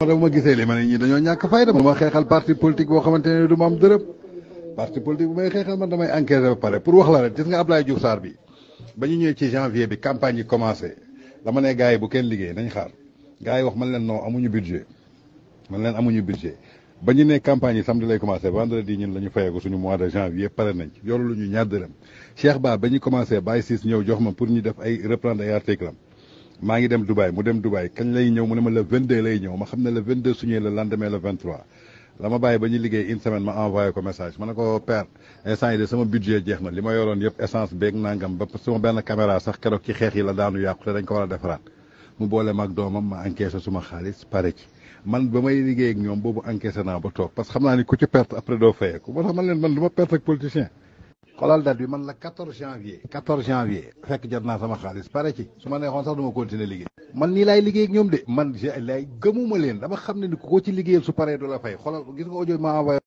ma bu ma gisee li ma ne ñi dañoo ñàkk fayda ma xeexal parti politique boo xamante ne du ma am dërëm parti politique bu may xeexal man damay enquête ba pare pour wax la rek gis nga Abdoulaye Diouf Sarr bi ba ñu ñëwee ci janvier bi campagne yi commencé dama ne gars bu kenn liggéey nañ xaar gars yi wax man leen noo amuñu budget man leen amuñu ba ñu ne campagne yi samedi lay commencé vendredi ñun la ñu fayeeku suñu mois de janvier pare nañ yoolu ñu ñaar dërëm Cheikh Ba ba ñu jox ma pour ñu def ay reprendre ay maa ngi dem Dubaay mu dem Dubaay kañ lay ñëw mu ne ma le 22 lay ñëw ma xam ne le 22 su ñëwee le lendemain le 23 la ma bàyyi ba ñu liggéey une semaine ma envoyé ko message ma ne ko père instant yi li ma yoroon yëpp essence beeg nangam ba sama benn caméra sax keroog ci xeex yi la daanu yàqu te dañ ko war a defaraat mu boole ma ak doomam ma encaissé suma xaalis pare ci man ba may liggéey ak ñoom boobu encaissé naa ba toog parce que xam naa ni ku ci perte après doo fayeeku moo tax man leen man du perte ak politicien. xoolal date bi man la 14 janvier 14 janvier fekk jot naa sama xaalis pare ci su ma neexoon sax du ma continuer liggéey man nii laay liggéey ñoom de man lay gëmuma leen dama xam ne ni ko ci liggéeyal su pare du la fay xoolal gis nga audio ma envoyé